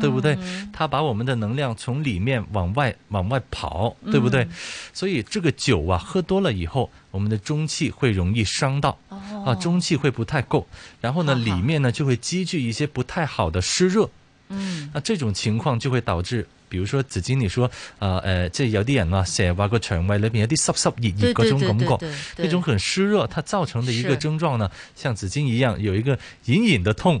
對不對？它把我們的能量從裏面往外往外跑，對不對？嗯、所以這個酒啊，喝多了以後，我們的中氣會容易傷到，哦、啊，中氣會不太夠。然後呢，裏面呢就會積聚一些不太好的濕熱。嗯，那這種情況就會導致，比如說子矜你說，呃、這有點啊，誒，即係有啲人話，成話個腸胃裏邊有啲濕濕熱熱嗰種感覺，那種很濕熱，它造成的一個症狀呢，是像子矜一樣，有一個隱隱的痛。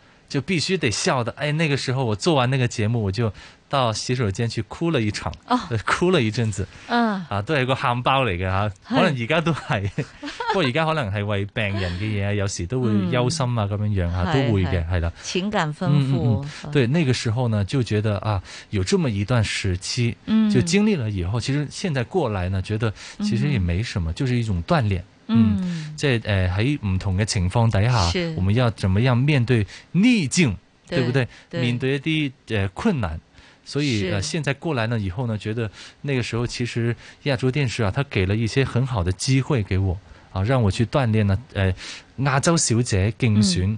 就必須得笑的，哎，那個時候我做完那個節目，我就到洗手間去哭了一場，哭了一陣子。啊，都係個喊包嚟嘅哈，可能而家都係，不過而家可能係為病人嘅嘢啊，有時都會憂心啊，咁樣樣啊，都會嘅，係啦。情感豐富，對，那個時候呢，就覺得啊，有這麼一段時期，就經歷了以後，其實現在過來呢，覺得其實也沒什麼，就是一種鍛煉。嗯，即呃還喺唔同嘅情況底下，是我們要怎麼樣面對逆境，對，對不對？對面對一啲誒困難，所以是、呃、現在過來呢，以後呢，覺得那個時候其實亞洲電視啊，它給了一些很好的機會給我，啊，讓我去鍛煉啦。誒、呃，亞洲小姐競選。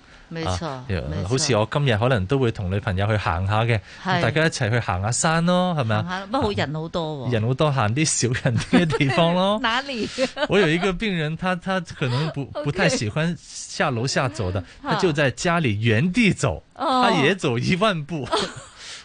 冇錯，好似我今日可能都會同女朋友去行下嘅，大家一齊去行下山咯，係咪啊？不過人好多喎。人好多，行啲少人啲嘅地方咯。哪裡？我有一個病人，他他可能不不太喜歡下樓下走的，他就在家裏原地走，他也走一萬步。